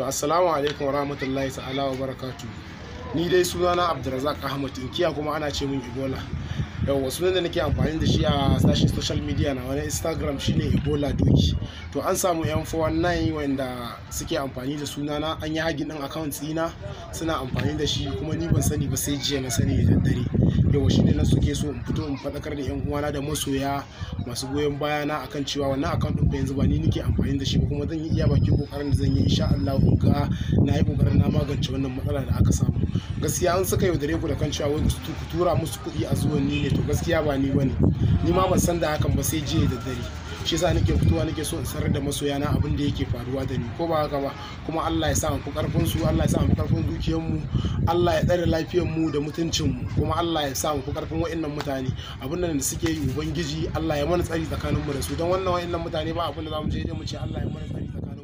to assalamu alaikum wa rahmatullahi ta'ala wa barakatu ni dai sunana abdulrazak ahmad inkiya kuma ana ce min ibola wasu ne da nake amfani da shi a sashen social media na wani instagram shine ebola doki to an samu yan 419 wanda suke amfani da sunana an yi hagin din account ina suna amfani da shi kuma ni ban sani ba sai jiya na sani da daddare yawa shi ne na suke so in fito in faɗakar da yan uwana da masoya masu goyon baya na akan cewa wannan account ɗin yanzu ba ni nake amfani da shi ba kuma zan yi iya bakin kokarin da zan yi insha Allah ga na yi kokarin na magance wannan matsala da aka samu gaskiya an suka yaudare ku da kan cewa wai ku tura musu kuɗi a zuwan ni ne to gaskiya ba ni bane ni ma ban san da hakan ba sai jiya da dare shi yasa nake fitowa nake so in sanar da masoya na abin da yake faruwa da ni ko ba haka ba kuma Allah ya sa mu karfin su Allah ya sa mu karfin dukiyar mu Allah ya tsare lafiyar mu da mutuncin mu kuma Allah ya sa mu karfin wa'annan mutane abin nan da suke yi ubangiji Allah ya mana tsari tsakanin mu da su don wannan wa'annan mutane ba abin da zamu je mu ce Allah ya mana tsari tsakanin